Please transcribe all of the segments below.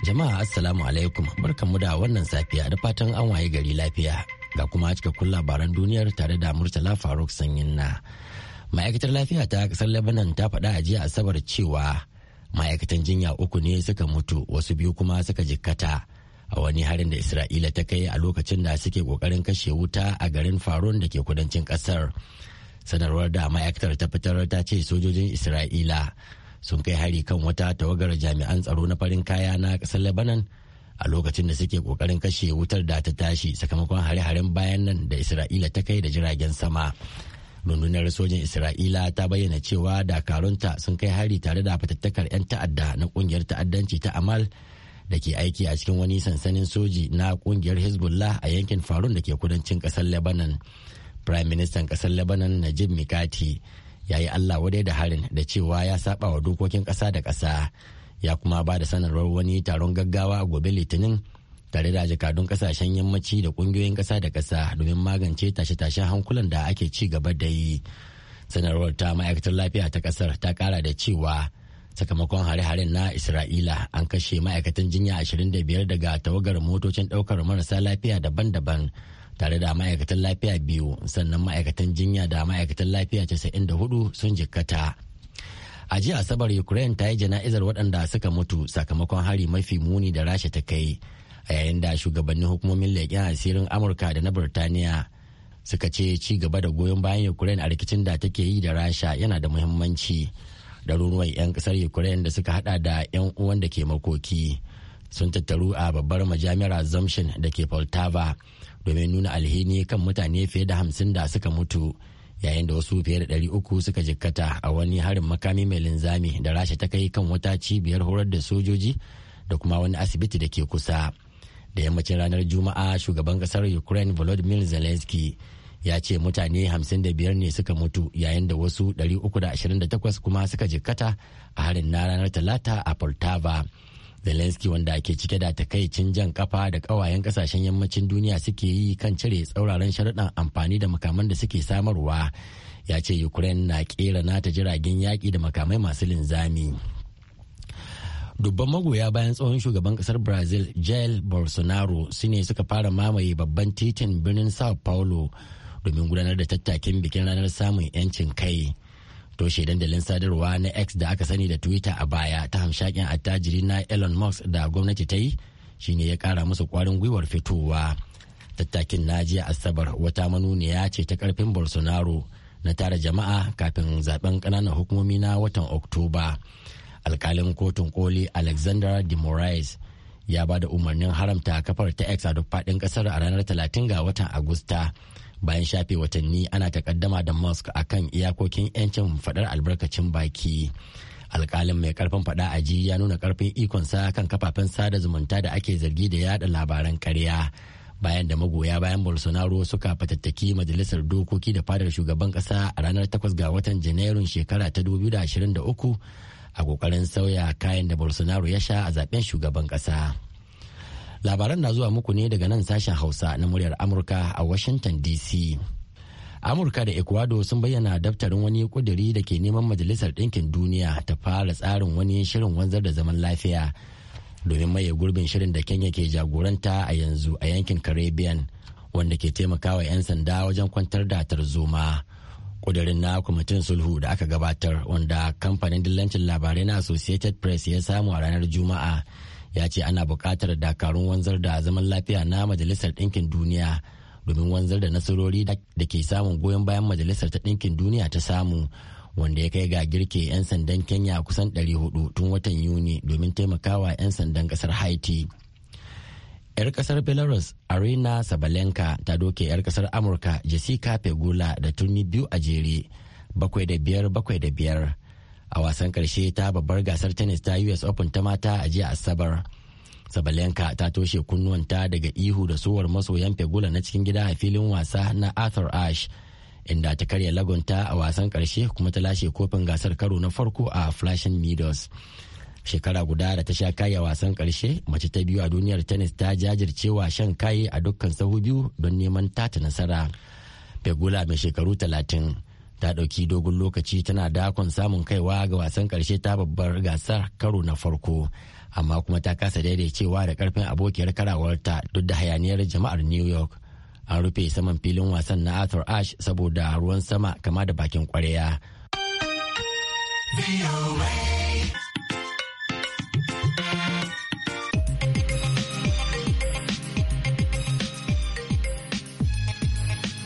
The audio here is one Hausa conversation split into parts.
Jama'a Assalamu alaikum barkanmu da wannan safiya da fatan an waye gari lafiya ga kuma cikakkun labaran duniyar tare da Murtala Faruk Sanyin na. Ma'aikatar lafiya ta kasar Lebanon ta faɗa a jiya Asabar cewa ma'aikatan jinya uku ne suka mutu wasu biyu kuma suka jikkata a wani harin da Isra'ila ta kai a lokacin da suke kokarin kashe wuta a garin Faron da ke kudancin kasar. Sanarwar da ma'aikatar ta fitar ta ce sojojin Isra'ila sun kai hari kan wata tawagar jami'an tsaro na farin kaya na ƙasar lebanon a lokacin da suke kokarin kashe wutar da ta tashi sakamakon hare-haren bayan nan da isra'ila ta kai da jiragen sama rundunar sojin isra'ila ta bayyana cewa dakarunta sun kai hari tare da fatattakar 'yan ta'adda na kungiyar ta'addanci ta amal da ke aiki a cikin wani sansanin soji na kungiyar hezbollah a yankin farun da ke kudancin kasar lebanon prime ministan kasar lebanon najib mikati ya yi allah wadai da harin da cewa ya saba wa dokokin ƙasa da ƙasa ya kuma ba da sanarwar wani taron gaggawa a gobe litinin tare da jakadun ƙasashen yammaci da ƙungiyoyin ƙasa da ƙasa domin magance tashe-tashen hankulan da ake ci gaba da yi sanarwar ta ma'aikatar lafiya ta ƙasar ta kara da cewa sakamakon hare-haren na isra'ila an kashe ma'aikatan jinya 25 daga tawagar motocin ɗaukar marasa lafiya daban-daban tare da ma'aikatan lafiya biyu sannan ma'aikatan jinya da ma'aikatan lafiya casa'in da hudu sun jikkata a jiya asabar ukraine ta yi jana'izar waɗanda suka mutu sakamakon hari mafi muni da rasha ta kai a yayin da shugabannin hukumomin leƙen asirin amurka da na birtaniya suka ce ci gaba da goyon bayan ukraine a rikicin da take yi da rasha yana da muhimmanci ɗaruruwan 'yan ƙasar ukraine da suka hada da 'yan uwan da ke makoki sun tattaru a babbar majami'ar zamshin da ke poltava domin nuna alhini kan mutane fiye da hamsin da suka mutu yayin da wasu fiye da ɗari uku suka jikkata a wani harin makami mai linzami da rasha ta kai kan wata cibiyar horar da sojoji da kuma wani asibiti da ke kusa da yammacin ranar juma'a shugaban kasar ukraine volodymyr zelensky ya ce mutane biyar ne suka mutu yayin da wasu 328 kuma suka jikkata a harin na ranar talata a poltava Zelensky wanda ke cike da takaicin jan kafa da kawayen kasashen yammacin duniya suke yi kan cire tsauraran sharuɗan amfani da makaman da suke samarwa ya ce Ukraine na ƙera nata jiragen yaƙi da makamai masu linzami. dubban magoya bayan tsohon shugaban kasar brazil jair bolsonaro su ne suka fara mamaye babban titin birnin sao paulo domin gudanar da tattakin bikin ranar samun 'yancin kai toshe dandalin sadarwa na x da aka sani da twitter a baya ta hamshakin attajiri na elon musk da gwamnati ta yi shine ya kara musu kwarin gwiwar fitowa tattakin na asabar wata manuniya ce ta karfin bolsonaro na tara jama'a kafin zaben kananan hukumomi na watan oktoba alkalin kotun koli alexander de moraes ya ba da umarnin haramta kafar ta x a duk faɗin ƙasar a ranar 30 ga watan agusta bayan shafe watanni ana takaddama da musk kan iyakokin 'yancin faɗar albarkacin baki alkalin mai karfin fada a ji ya nuna karfin ikonsa kan kafafen sada zumunta da ake zargi da yada labaran karya bayan da magoya bayan bolsonaro suka fatattaki majalisar dokoki da fadar shugaban kasa a ranar 8 ga watan janairun shekara ta 2023 a kokarin sauya kayan da bolsonaro ya sha a zaben shugaban kasa. labaran na zuwa muku ne daga nan sashen hausa na muryar amurka a washington dc amurka da ecuador sun bayyana daftarin wani kuduri da ke neman majalisar ɗinkin duniya ta fara tsarin wani shirin wanzar da zaman lafiya domin maye gurbin shirin da kenya ke jagoranta a yanzu a yankin caribbean wanda ke taimakawa 'yan sanda wajen kwantar da tarzoma kudirin na kwamitin sulhu da aka gabatar wanda kamfanin dillancin labarai na associated press ya samu a ranar juma'a ya ce ana buƙatar dakarun wanzar da zaman lafiya na majalisar ɗinkin duniya domin wanzar da nasarori da ke samun goyon bayan majalisar ta ɗinkin duniya ta samu wanda ya kai ga girke 'yan sandan kenya kusan 400 tun watan yuni domin taimakawa 'yan sandan ƙasar haiti 'yar kasar belarus arena sabalenka ta doke 'yar kasar amurka jessica pegula da turmi biyu a jere bakwai da biyar bakwai da biyar a wasan karshe ta babbar gasar tennis ta us open ta mata a jiya asabar sabalenka ta toshe kunnuwanta daga ihu da suwar masoyan fegula na cikin gida a filin wasa na arthur ashe inda ta karya lagonta a wasan karshe kuma ta lashe kofin gasar karo na farko a flashing meadows shekara guda da ta sha a wasan karshe mace ta biyu a duniyar tennis ta jajircewa shan kaye a dukkan sahu biyu don neman tata nasara pegula mai shekaru talatin ta ɗauki dogon lokaci tana dakon samun kaiwa ga wasan ƙarshe ta babbar gasar karo na farko amma kuma ta kasa daidaicewa da karfin abokiyar karawarta duk da hayaniyar jama'ar new york an rufe saman filin wasan na arthur ash saboda ruwan sama kama da bakin kwarya.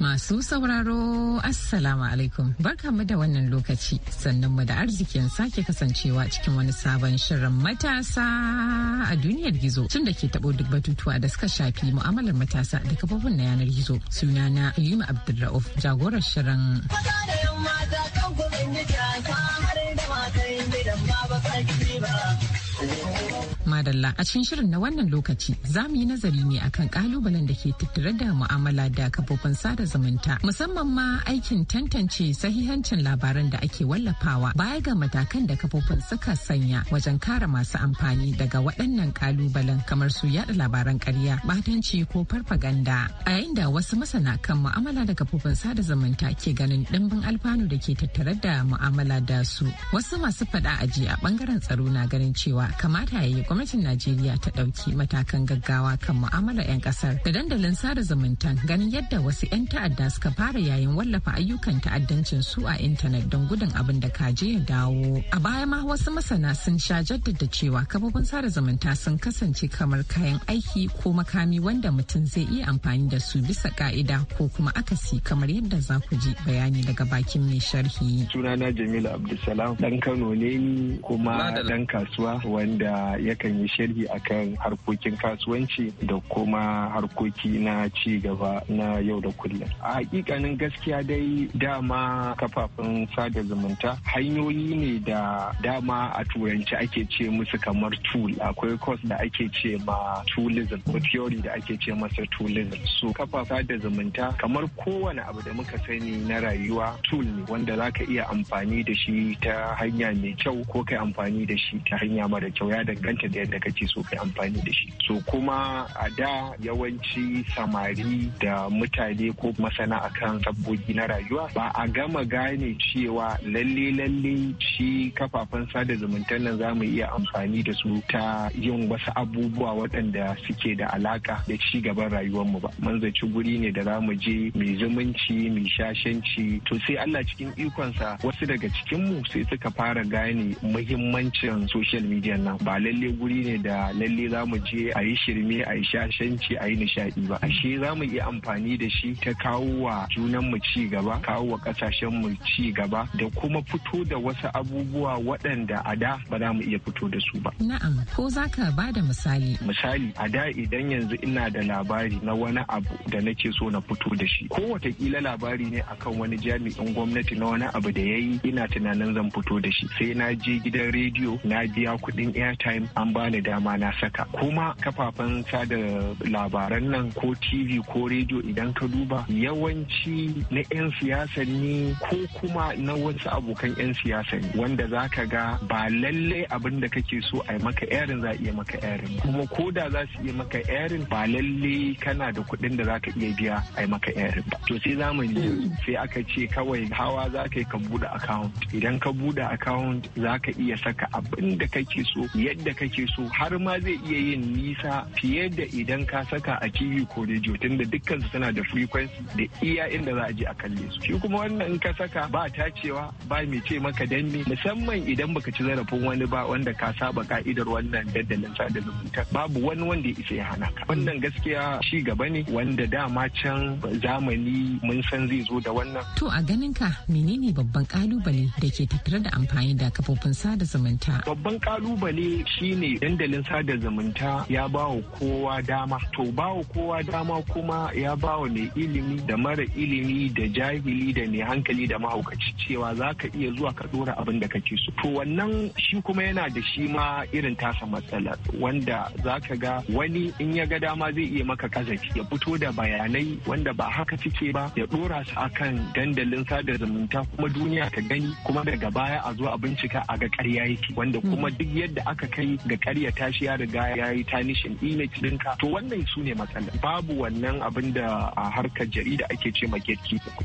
Masu sauraro Assalamu alaikum barkamu da wannan lokaci sannan mu da arzikin sake kasancewa cikin wani sabon shirin matasa a duniyar gizo tun ke taɓo duk batutuwa da suka shafi mu'amalar matasa da kafofin na yanar gizo suna sunana Yuma Abdulrauf jagorar shirin. Mata da yamma ta kan madalla a cikin shirin na wannan lokaci za mu yi nazari ne akan kalubalen da ke tattare da mu'amala da kafofin sada zumunta musamman ma aikin tantance sahihancin labaran da ake wallafawa baya ga matakan da kafofin suka sanya wajen kare masu amfani daga waɗannan kalubalen kamar su yada labaran ƙarya batanci ko farfaganda a yayin da wasu masana kan mu'amala da kafofin sada zumunta ke ganin ɗimbin alfanu da ke tattare da mu'amala da su wasu masu faɗa aji a ɓangaren tsaro na ganin cewa kamata ya yi gwamnati gwamnatin Najeriya ta ɗauki matakan gaggawa kan mu'amala 'yan ƙasar da dandalin sada zumunta ganin yadda wasu 'yan ta'adda suka fara yayin wallafa ayyukan ta'addancin su a intanet don gudun abin da kaje ya dawo. A baya ma wasu masana sun sha jaddada cewa kafofin sada zumunta sun kasance kamar kayan aiki ko makami wanda mutum zai iya amfani da su bisa ka'ida ko kuma akasi kamar yadda za ku ji bayani daga bakin mai sharhi. Sunana Jamilu Abdulsalam dan Kano ne kuma dan kasuwa wanda yakan yi sharhi akan harkokin kasuwanci da kuma harkoki na ci gaba na yau da kullum a hakikanin gaskiya dai dama kafafen sada zumunta hanyoyi ne da dama a turanci ake ce musu kamar tool akwai course da ake ce ma toolism ko theory da ake ce masa toolism so kafafa da zumunta kamar kowane abu da muka sani na rayuwa tool ne wanda za ka iya amfani da shi ta hanya mai kyau ko kai amfani da shi ta hanya mara kyau ya danganta da yadda kake so kai amfani da shi so kuma a da yawanci samari da mutane ko masana akan sabbogi na rayuwa ba a gama gane cewa lalle lalle shi kafafen sada zumunta nan za mu iya amfani da su ta yin wasu abubuwa waɗanda suke da alaka da ci gaban rayuwar mu ba mun zaci guri ne da za mu je mai zumunci mai shashanci to sai Allah cikin ikonsa wasu daga cikin mu sai suka fara gane muhimmancin social media nan ba lalle guri wuri ne da lalle za mu je a yi shirme a yi shashanci a yi nishaɗi ba ashe za mu iya amfani da shi ta kawo wa mu ci gaba kawo wa mu ci gaba da kuma fito da wasu abubuwa waɗanda a da ba za mu iya fito da su ba. Na'am ko za ka ba da misali. Misali a da idan yanzu ina da labari na wani abu da nake so na fito da shi ko watakila labari ne akan wani jami'in gwamnati na wani abu da ya yi ina tunanin zan fito da shi sai na je gidan rediyo na biya kuɗin airtime an ba bani dama na saka kuma kafafen sada labaran nan ko tv ko rediyo idan ka duba yawanci na 'yan siyasan ne ko kuma na wasu abokan 'yan siyasan wanda za ka ga ba lallai abin da kake so a yi maka yarin za a iya maka yarin kuma ko da za su iya maka yarin ba lallai kana da kuɗin da za ka iya biya a yi maka yarin ba to sai zamani sai aka ce kawai hawa za ka yi ka buɗe account idan ka buɗe account za ka iya saka abin da kake so yadda kake so su har ma zai iya yin nisa fiye da idan ka saka a TV ko rediyo tunda dukkan su suna da frequency da iya inda za a je a kalle su shi kuma wannan in ka saka ba ta cewa ba mai ce maka danne musamman idan baka ci zarafin wani ba wanda ka saba ka'idar wannan dandalin sada zumunta babu wani wanda ya isa ya hana ka wannan gaskiya shi gaba ne wanda dama can zamani mun san zai zo da wannan to a ganin ka menene babban kalubale da ke tattare da amfani da kafofin sada zumunta babban kalubale shine dandalin sada zumunta ya ba wa kowa dama to ba wa kowa dama kuma ya ba wa mai ilimi da mara ilimi da jahili da mai hankali da mahaukaci cewa za ka iya zuwa ka dora abin da kake so to wannan shi kuma yana da shi ma irin tasa matsalar wanda za ka ga wani in ya ga dama zai iya maka kazaki ya fito da bayanai wanda ba haka suke ba ya dora su akan dandalin sada zumunta kuma duniya ka gani kuma daga baya a zo a bincika a ga karya yake wanda kuma hmm. duk yadda aka kai ga karya tashi ya riga ya yi tanishin image ɗinka to wannan su ne matsala babu wannan abin da a harkar jarida ake ce ma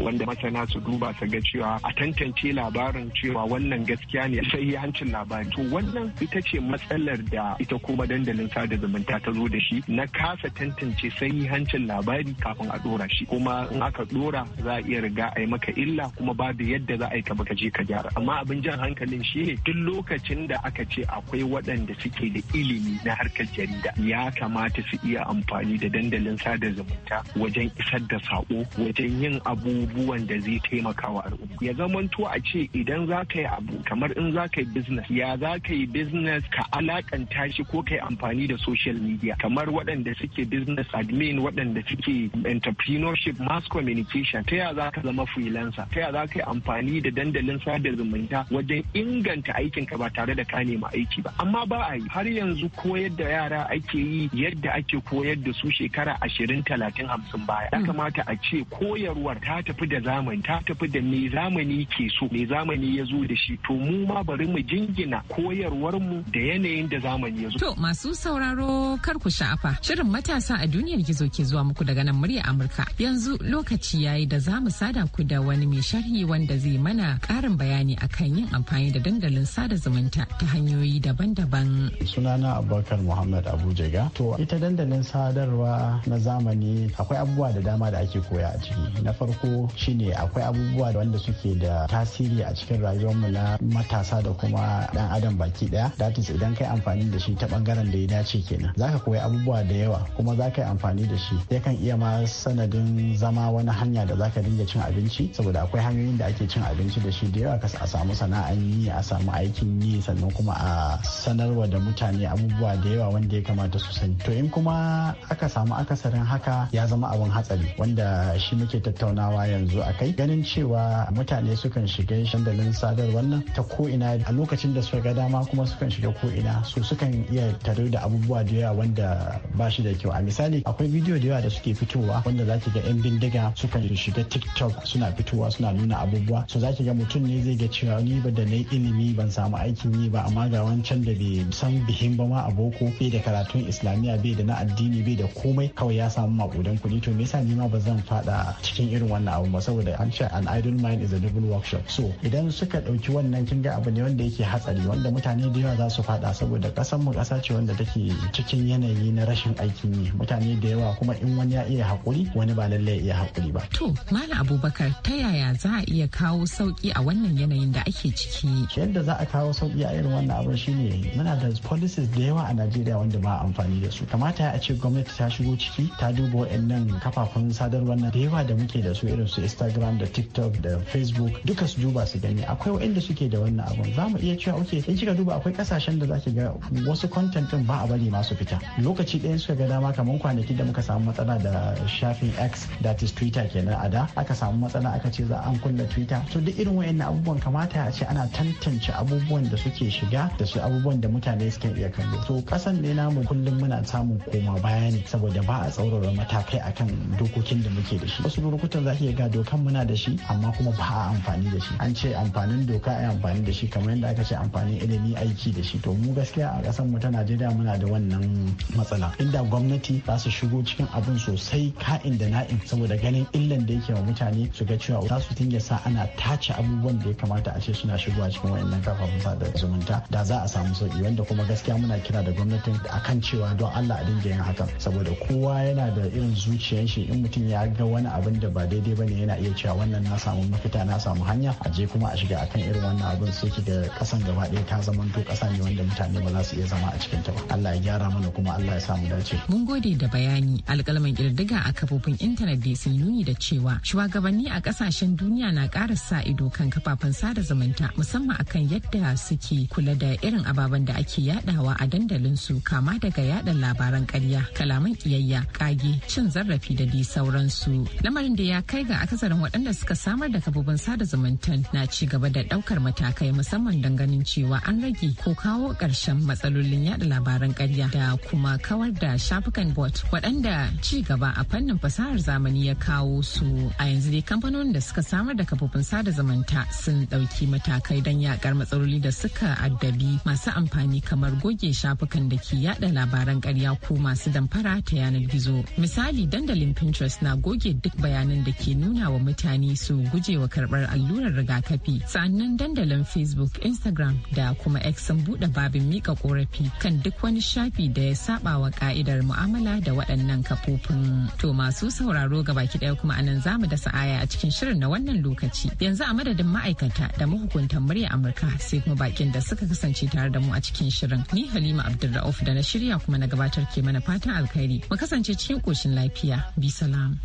wanda masana su duba su ga cewa a tantance labarin cewa wannan gaskiya ne sai hancin labari to wannan ita ce matsalar da ita kuma dandalin sada zumunta ta zo da shi na kasa tantance hancin labari kafin a dora shi kuma in aka dora za a iya riga a yi maka illa kuma babu yadda za a yi ka baka je ka gyara amma abin jan hankalin shine duk lokacin da aka ce akwai waɗanda suke da ilimi na harkar jarida ya kamata su iya amfani da dandalin sada zumunta wajen isar da sako wajen yin abubuwan da zai taimaka wa al'umma ya zamanto a ce idan za ka yi abu kamar in za ka yi business ya za ka yi business ka alakanta shi ko ka yi amfani da social media kamar waɗanda suke business admin waɗanda suke entrepreneurship mass communication ta ya za ka zama freelancer ta ya za ka yi amfani da dandalin sada zumunta wajen inganta aikinka ba tare da ka nema aiki ba amma ba a yi har yanzu koyar da yara ake yi yadda ake koyar da su shekara ashirin talatin hamsin baya ya mm. kamata a ce koyarwar ta tafi da zamani ta tafi da me zamani ke so me zamani ya zo da shi to mu ma bari mu jingina koyarwar mu da yanayin da zamani ya zo to masu sauraro kar ku sha'afa shirin matasa a duniyar gizo ke zuwa muku daga nan murya amurka yanzu lokaci yayi da za mu sada ku da wani mai sharhi wanda zai mana karin bayani akan yin amfani da dandalin sada zumunta ta hanyoyi daban-daban sunana abubakar muhammad abujaga to ita dandalin sadarwa na zamani akwai abubuwa da dama da ake koya a ciki na farko shine akwai abubuwa wanda suke da tasiri a cikin rayuwar mu na matasa da kuma dan adam baki daya that is idan kai amfani da shi ta bangaren da ya dace kenan zaka koyi abubuwa da yawa kuma zaka yi amfani da shi yakan iya ma sanadin zama wani hanya da zaka dinga cin abinci saboda akwai hanyoyin da ake cin abinci da shi da yawa ka samu sana'an yi a samu aikin yi sannan kuma a sanarwa da mutane mutane abubuwa da yawa wanda ya kamata su sani to in kuma aka samu akasarin haka ya zama abin hatsari wanda shi muke tattaunawa yanzu a kai ganin cewa mutane sukan shiga shandalin sadarwar nan ta ko ina a lokacin da suka ga dama kuma sukan shiga ko ina su sukan iya tare da abubuwa da yawa wanda ba shi da kyau a misali akwai bidiyo da yawa da suke fitowa wanda zaki ga yan bindiga sukan shiga tiktok suna fitowa suna nuna abubuwa so zaki ga mutum ne zai ga cewa ni ba da na ilimi ban samu aikin yi ba amma ga wancan da bai san bihin ba ma a boko bai da karatun islamiyya bai da na addini bai da komai kawai ya samu makudan kuɗi to me yasa ni ma ba zan fada cikin irin wannan abu ba saboda an ce an idle mind is a double workshop so idan suka ɗauki wannan kin ga abu ne wanda yake hatsari wanda mutane da yawa za su fada saboda kasan mu kasa ce wanda take cikin yanayi na rashin aikin yi mutane da yawa kuma in wani ya iya hakuri wani ba lallai ya iya haƙuri ba. To Malam Abubakar ta yaya za a iya kawo sauki a wannan yanayin da ake ciki? Yadda za a kawo sauki a irin wannan abu shine muna da services da yawa a najeriya wanda ba amfani da su kamata a ce gwamnati ta shigo ciki ta duba waɗannan kafafun sadarwar nan da yawa da muke da su irin su instagram da tiktok da facebook duka su duba su gani akwai waɗanda suke da wannan abun za mu iya cewa oke in kika duba akwai kasashen da zaki ga wasu content din ba a bari masu fita lokaci ɗaya suka ga dama kamar kwanaki da muka samu matsala da shafin x that is twitter kenan a da aka samu matsala aka ce za an kulle twitter to duk irin waɗannan abubuwan kamata a ce ana tantance abubuwan da suke shiga da su abubuwan da mutane cikin iya da to kasan ne namu kullum muna samun koma baya ne saboda ba a tsaurara matakai akan dokokin da muke da shi wasu lokutan za iya ga dokan muna da shi amma kuma ba a amfani da shi an ce amfanin doka a amfani da shi kamar yadda aka ce amfanin ilimi aiki da shi to mu gaskiya a kasan mu ta Najeriya muna da wannan matsala inda gwamnati za su shigo cikin abin sosai ka'in da na'in saboda ganin illan da yake wa mutane su ga cewa za su tinge sa ana tace abubuwan da ya kamata a ce suna shigowa cikin wayannan kafafun sada zumunta da za a samu sauki wanda kuma gaskiya muna kira da gwamnatin akan cewa don Allah a dinga yin hakan saboda kowa yana da irin zuciyar shi in mutum ya ga wani abin da ba daidai bane yana iya cewa wannan na samu mafita na samu hanya a je kuma a shiga akan irin wannan abin sai ki da kasan gaba ɗaya ta zama to kasa ne wanda mutane ba za su iya zama a cikin ta ba Allah ya gyara mana kuma Allah ya samu dace mun gode da bayani alƙalman kirdiga a kafofin intanet da sun nuni da cewa shugabanni a kasashen duniya na ƙara sa ido kan kafafen sada zumunta musamman akan yadda suke kula da irin ababen da ake yaɗa yadawa a dandalin su kama daga yada labaran karya kalaman kiyayya kage cin zarafi da dai sauransu lamarin da ya kai ga akasarin waɗanda suka samar da kafofin sada zumunta na ci gaba da ɗaukar matakai musamman don ganin cewa an rage ko kawo ƙarshen matsalolin yada labaran karya da kuma kawar da shafukan bot waɗanda ci gaba a fannin fasahar zamani ya kawo su a yanzu dai kamfanonin da suka samar da kafofin sada zumunta sun ɗauki matakai don yakar matsaloli da suka addabi masu amfani kamar kamar goge shafukan da ke yada labaran karya ko masu damfara ta yanar gizo. Misali dandalin Pinterest na goge duk bayanan da ke nuna wa mutane su guje wa karbar allurar rigakafi. sannan dandalin Facebook, Instagram da kuma X sun bude babin mika korafi kan duk wani shafi da ya saba wa ka'idar mu'amala da waɗannan kafofin. To masu sauraro gabaki ɗaya kuma anan zamu da aya a cikin shirin na wannan lokaci. Yanzu a madadin ma'aikata da mahukuntan murya Amurka sai kuma bakin da suka kasance tare da mu a cikin shirin. ni Halima Abdulrauf da na shirya kuma na gabatar ke mana fatan alkhairi mu kasance cikin koshin lafiya bi salam.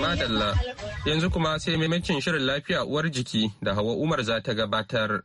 Madalla yanzu kuma sai maimakin shirin lafiya uwar jiki da Hawa Umar za ta gabatar.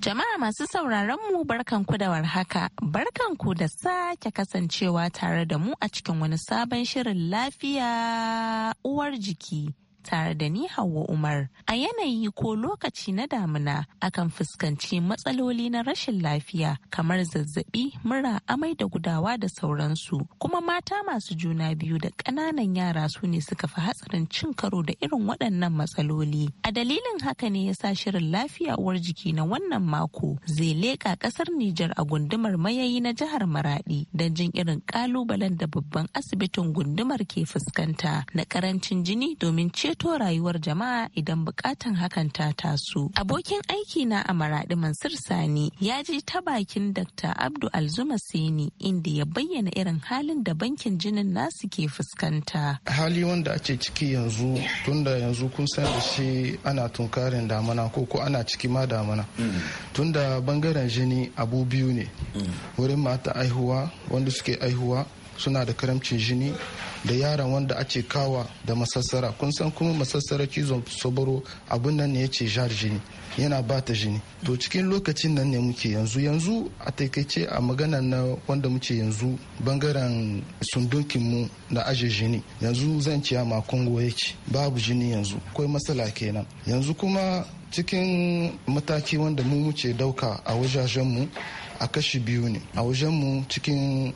Jama'a masu sauraron mu barkan ku da warhaka, barkan ku da sake kasancewa tare da mu a cikin wani sabon shirin lafiya uwar jiki tare da ni Hauwa Umar. A yanayi ko lokaci na damina akan fuskanci matsaloli na rashin lafiya kamar zazzabi, mura, amai da gudawa da sauransu. Kuma mata masu juna biyu da ƙananan yara su ne suka fi hatsarin cin karo da irin waɗannan matsaloli. A dalilin haka ne ya sa shirin lafiya uwar jiki na wannan mako zai leƙa ƙasar Nijar a gundumar mayayi na jihar Maradi don jin irin ƙalubalen da babban asibitin gundumar ke fuskanta na ƙarancin jini domin ce ceto rayuwar jama'a idan bukatan hakan ta taso. Abokin aiki na a maraɗi Mansur Sani ya je ta bakin Dr. Abdu Alzuma Sani inda ya bayyana irin halin da bankin jinin nasu ke fuskanta. Hali wanda ake ciki yanzu tunda yanzu kun san da shi ana tunkarin damana ko ko ana ciki ma damana. Tunda bangaren jini abu biyu ne. Mm. Wurin mata aihuwa wanda suke aihuwa suna da karamcin jini da yaran wanda ake kawa da masassara kun san kuma masassara cizon soboro abun nan ne ya ce jar jini yana ba ta jini to cikin lokacin nan ne muke yanzu yanzu a taikaice a magana na wanda muke yanzu bangaren sundunkin mu na aje jini yanzu zan ce ma kongo yake babu jini yanzu akwai matsala kenan yanzu kuma cikin mataki wanda mu muke dauka a mu a kashi biyu ne a mu cikin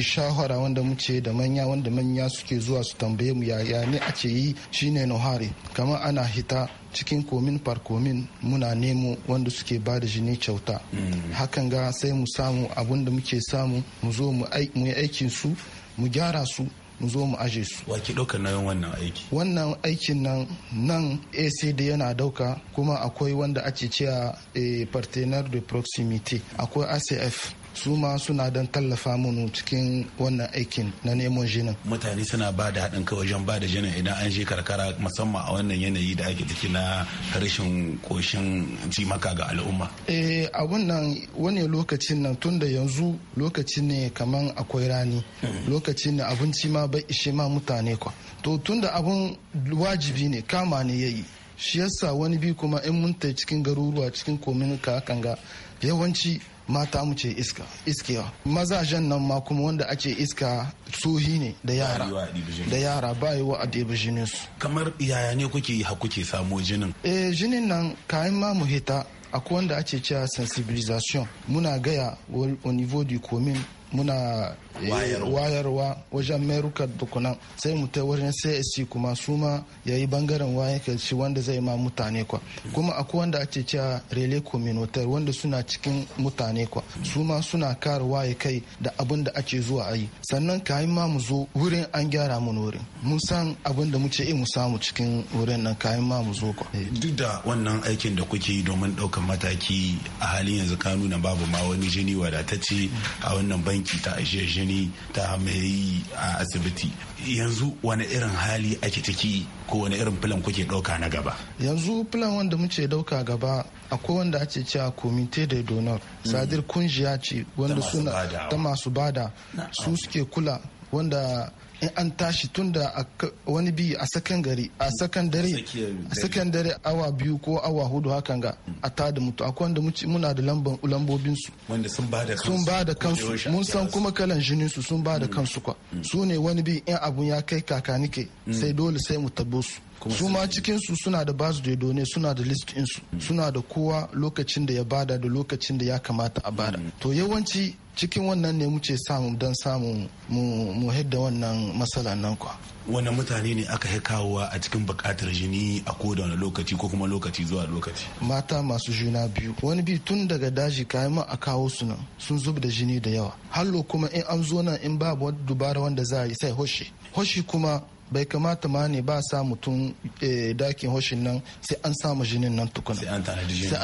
shahara wanda mu da manya wanda manya suke zuwa su tambaye mu yaya ne a ce yi shine nuhari kamar ana hita cikin komin par komin muna nemo wanda suke ba da jini kyauta mm. hakan ga sai mu samu abun da muke samu mu zo mu yi aikin su mu gyara su mu zo mu aje su. Wa ki ɗauka yin wannan aiki? Wannan aikin nan nan ACD yana dauka kuma akwai wanda ake cewa a eh, partenaire de proximité akwai ACF su ma suna don tallafa mu cikin wannan aikin na neman jinin mutane suna ba da haɗin kai wajen ba da jinin idan an je karkara musamman a wannan yanayi da ake ciki na rashin koshin jimaka ga al'umma eh a wannan wani lokacin nan tun da yanzu lokaci ne kaman akwai rani hmm. lokaci ne abinci ma bai ishe ma mutane kwa to tun da abun wajibi ne kama ne yayi shi yasa wani bi kuma in mun ta cikin garuruwa cikin kominika kan yawanci mata mu ce iska iskiya mazajen nan ma kuma wanda ake iska tsohi ne da yara da yara ba yi wa a jinin su kamar yaya ne kuke yi kuke samo jinin eh jinin nan kayan ma mu hita akwai wanda ake cewa sensibilisation muna gaya au niveau du commune muna eh, wayarwa wajen merukar dukunan sai mu ta wajen csc kuma su ma ya yi bangaren wayan shi wanda zai ma mutane kwa kuma akwai wanda ake cewa relay communautaire wanda suna cikin mutane kwa su ma suna kare waye kai da abin da ake zuwa a yi sannan ka ma mu zo wurin an gyara mu wurin mun san abin da muke mu samu cikin wurin nan kayan ma mu zo kwa eh. duk da wannan aikin da kuke yi domin ɗaukan mataki a halin yanzu ka nuna babu ma wani jini wadatacce a wannan banki banki ta ajiye ta mai a asibiti yanzu wani irin hali ake ciki ko wani irin filan kuke dauka na gaba yanzu filan wanda muke ɗauka gaba akwai wanda ake cewa komite da donor mm. sadir kunjiya ce wanda suna ta masu bada su suke kula wanda in eh, an tashi tun da wani bi a sakan gari a sakan dare a sakan dare awa biyu ko awa hudu hakan ga mm. a ta da mutu akwai wanda muna da lambobin su wanda sun ba da kansu mun san kuma kalan jinin su sun ba da mm. kansu kwa mm. su ne wani bi in abun ya kai kakanike sai dole sai mu tabo su su ma cikin su suna da basu da ne suna da list din su mm. suna da kowa lokacin da ya bada da lokacin da ya kamata a bada mm. to yawanci cikin wannan ne muke samu dan samu mu hidda wannan matsala nan kwa wannan mutane ne aka yi kawowa a cikin bukatar jini a koda wani lokaci ko kuma lokaci zuwa lokaci mata masu juna biyu wani bi tun daga daji kayan ma a kawo su nan sun zub da jini da yawa hallo kuma in an zo nan in babu wani dubara wanda za a yi sai hoshi hoshi kuma bai kamata ma ne ba sa mutum eh, dakin hoshin nan sai an samu jinin nan tukuna sai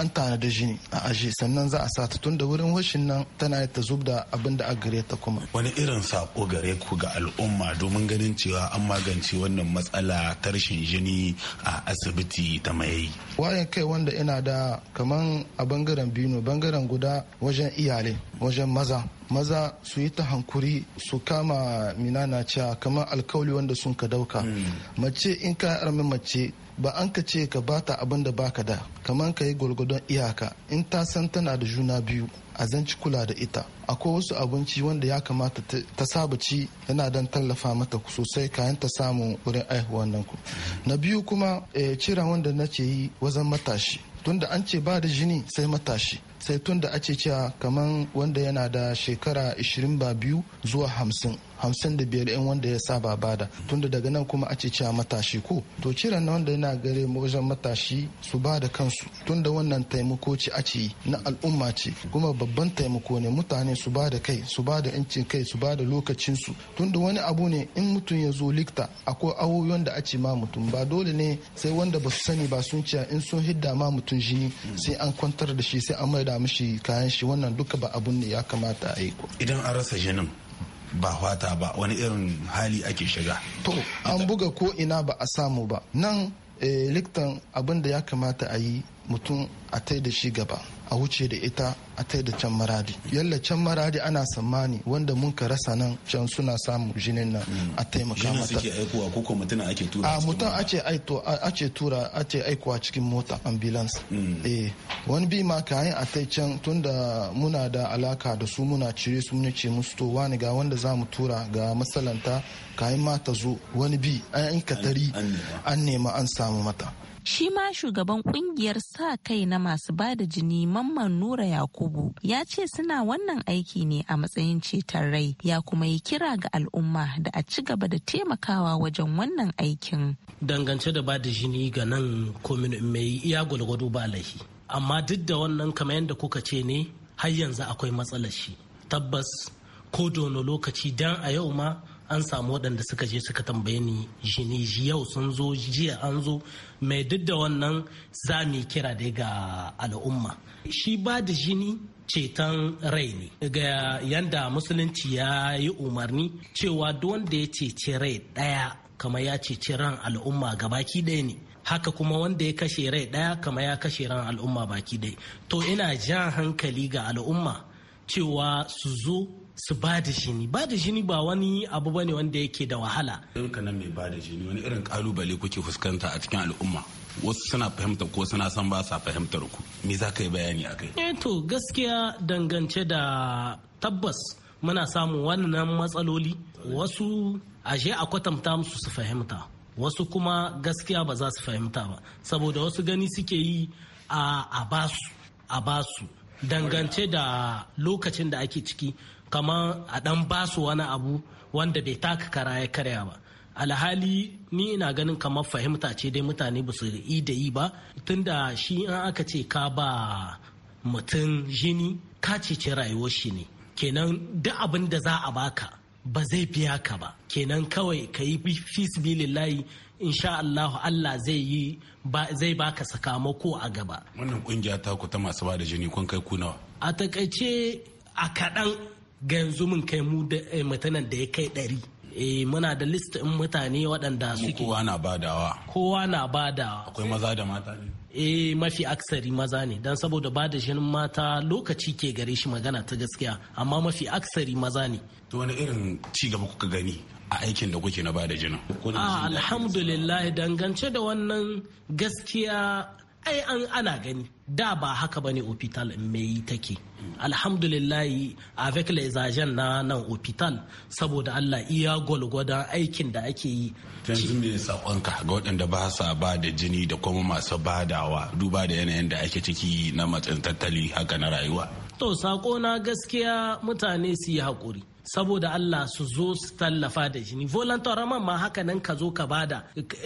an tanadi jini a aji sannan za a sa ta tun da wurin hoshin nan tana ta zub da abin da a gare ta kuma wani irin sako gare ku ga al'umma domin ganin cewa an magance wannan matsala ta rashin jini a asibiti ta mai wayan kai wanda ina da kaman a bangaren bino bangaren guda wajen iyalai wajen maza maza su yi ta hankuri su kama na cewa kamar alkawali wanda sun ka dauka hmm. mace in ka armi mace ba an ka ce ka bata abin da ka da kamar ka yi gwargwadon iyaka in ta san tana da juna biyu a zanci kula da ita akwai wasu abinci wanda ya kamata ta saba ci yana dan tallafa mata sosai kayan ta samu wurin aihuwa nan ku na biyu kuma eh, cira wanda na ce yi wajen matashi tunda an ce ba da jini sai matashi sai tunda ake cewa kaman wanda yana da shekara biyu zuwa 50 hamsin da biyar in wanda ya saba bada tunda daga nan kuma a ce cewa matashi ko to ciran na wanda yana gare mu wajen matashi su ba da kansu tunda wannan taimako ce a ce na al'umma ce kuma babban taimako ne mutane su ba da kai su ba da yancin kai su ba da lokacinsu tunda wani abu ne in mutum ya zo likta akwai awoyon da a ce ma mutum ba dole ne sai wanda ba su sani ba sun ce in sun hidda ma mutum jini sai an kwantar da shi sai an maida mishi kayan shi wannan duka ba abun ne ya kamata a yi idan an rasa jinin ba fata ba wani irin hali ake shiga to an buga ko ina ba a samu ba nan eh, likitan abin da ya kamata a yi mutum a tai da shi gaba a wuce da ita a tai da can maradi yalla can maradi ana tsammani wanda mun ka rasa nan can suna samu jinin nan a taimaka mata suke mutum ko ce tura a ce aikuwa cikin mota ambulance mm. eh wani bi ma ka a tai can tunda muna da alaka da su muna cire su muna ce musu to wani ga wanda za mu tura ga matsalanta kayan ma ta zo wani bi an ka an nema an samu mata Shi ma shugaban kungiyar sa kai na masu ba da jini Mamman Nura Yakubu ya ce suna wannan aiki ne a matsayin ceton rai ya kuma yi kira ga al'umma da a ci gaba da taimakawa wajen wannan aikin. Dangance da ba da jini ga nan komin mai iya gwalgwado ba Amma duk da wannan kamar yadda kuka ce ne har yanzu akwai matsalar shi. Tabbas ko dono lokaci dan a yau ma an samu waɗanda suka je suka tambaye ni jini yau sun zo jiya an zo mai duk da wannan za mu kira dai ga al'umma shi ba da jini ceton rai ne ga yanda musulunci ya yi umarni cewa duk wanda ya cece rai ɗaya kama ya ceci ran al'umma gabaki ɗaya ne haka kuma wanda ya kashe rai ɗaya kama ya kashe ran al'umma baki ɗaya to ina jan hankali ga al'umma cewa su zo su ba da jini ba da jini ba wani abu bane wanda yake da wahala ɗinka nan mai ba da jini wani irin kalubale kuke fuskanta a cikin al'umma wasu suna fahimtar ko suna san ba sa fahimtar ku me za ka yi bayani a akai eh to gaskiya dangance da tabbas muna samun wannan matsaloli wasu ashe a kwatanta musu su fahimta wasu kuma gaskiya ba za su fahimta ba saboda wasu gani suke yi a basu a basu dangance da lokacin da ake ciki kamar a dan basu wani abu wanda bai taka kara ya karya ba alhali ni ina ganin kamar fahimta ce dai mutane ba su yi da yi ba tunda shi in aka ce ka ba mutum jini ka cece rayuwar shi ne kenan duk abin da za a baka ba zai biya ka ba kenan kawai ka yi fis layi insha Allah Allah zai yi zai baka sakamako a gaba wannan kungiya ta ku ta masu ba da jini kun kai ku nawa a takaice a kaɗan ga yanzu mun kai mu da eh, mutanen da ya kai ɗari eh muna da list ɗin mutane waɗanda suke kowa na badawa kowa na badawa akwai maza da mata ne eh mafi aksari maza ne dan saboda ba da jinin mata lokaci ke gare shi magana ta gaskiya amma mafi aksari maza ne to wani irin ci gaba kuka gani a aikin da kuke na ba da jinin ah, alhamdulillah dangance da wannan gaskiya ai an ana gani da ba haka bane hospital mai take alhamdulillah avec les agents na nan hospital saboda Allah iya gwalgwadon aikin da ake yi yanzu me sakonka ga waɗanda ba sa ba da jini da kuma masu badawa duba da yanayin da ake ciki na matsin tattali haka na rayuwa to sako na gaskiya mutane su yi hakuri saboda Allah su zo su tallafa da jini volunteer ma haka nan ka zo ka bada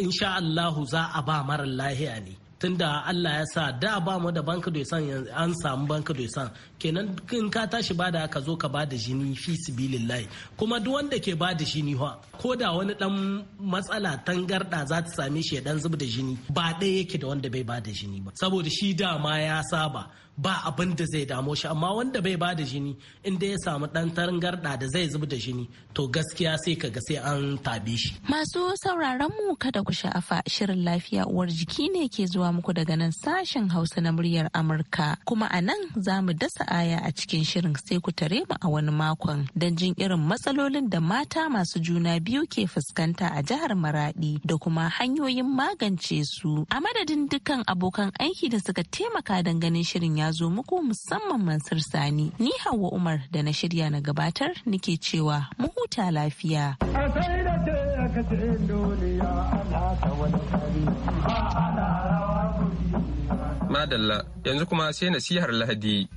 insha Allahu za a ba mara lahiya ne tunda Allah ya sa da ba mu da banka doisan an samu banka doisan kenan in ka tashi bada ka zo ka bada jini fi sibilillahi kuma duk wanda ke bada jini fa ko da wani dan matsala tangarda za ta same shi ya dan zub da jini ba ɗaya yake da wanda bai bada jini ba saboda shi dama ya saba ba abin da zai damo shi amma wanda bai ba da jini inda ya samu dan tarangarda da zai zubi da jini to gaskiya sai ka ga sai an tabe shi masu sauraron mu kada ku sha'afa shirin lafiya uwar jiki ne ke zuwa muku daga nan sashen hausa na muryar amurka kuma a nan za mu dasa aya a cikin shirin sai ku tare mu a wani makon don jin irin matsalolin da mata masu juna biyu ke fuskanta a jihar maradi da kuma hanyoyin magance su a madadin dukkan abokan aiki da suka taimaka don ganin shirin ya zo muku musamman Mansur Sani. Ni Hauwa Umar da na shirya na gabatar nike cewa mu huta lafiya. Madalla yanzu kuma sai nasihar Lahadi.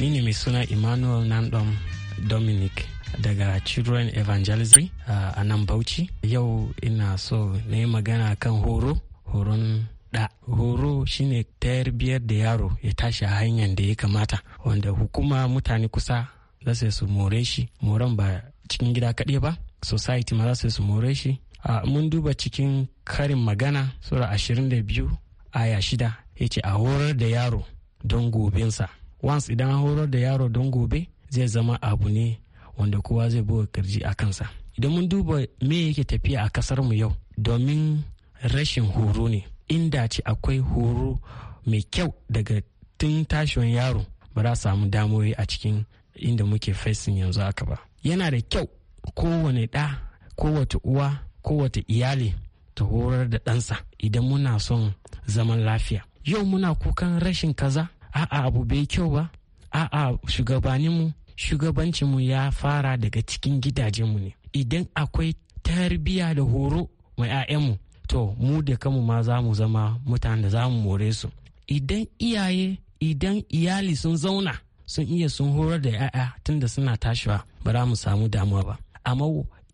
Ni ne mai suna Emmanuel Nandom dominic daga children evangelism uh, a nan bauchi yau ina so na yi magana kan horo horon da horo shine tarbiyyar da yaro ya tashi a hanyar da ya kamata wanda hukuma mutane kusa za su more shi moran ba cikin gida kaɗai ba society ma za su more shi mun duba cikin karin magana sura biyu aya shida ya ce a horar da yaro don gobensa once idan horar da yaro don gobe zai zama abu ne wanda kowa zai buga kirji a kansa idan mun duba me yake tafiya a kasar mu yau domin rashin horo ne inda ce akwai horo mai kyau daga tun tashin yaro ba za samu damoyi a cikin inda muke facing yanzu aka ba yana da kyau kowane ɗa kowace uwa kowace iyali ta horar da ɗansa idan muna son zaman lafiya yau muna kukan rashin kaza a'a abu bai kyau ba a'a shugabaninmu shugabancinmu ya fara daga cikin gidajenmu ne idan akwai tarbiya da horo mai 'ya'yanmu to mu da kanmu ma za mu zama mutane da za mu more su idan iyaye idan iyali sun zauna sun iya sun horar da 'ya'ya tun da suna tashiwa ba za mu samu damuwa ba amma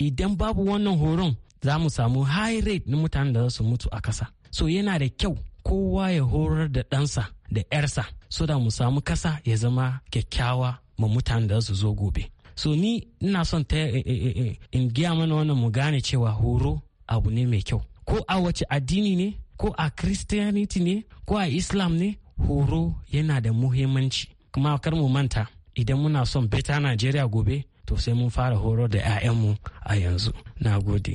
idan babu wannan horon za mu samu high rate na mutanen da za su mutu a kasa so yana da kyau kowa ya horar da ɗansa da 'yarsa so da mu samu kasa ya zama kyakkyawa ma mutane da su zo gobe so ni ina son ta eh, eh, eh, in giya mana wannan mu gane cewa horo abu ne mai kyau ko a wace addini ne ko a christianity ne ko a islam ne horo yana da muhimmanci kuma kar mu manta idan muna son beta najeriya gobe to sai mun fara horo da 'ya'yanmu a yanzu na gode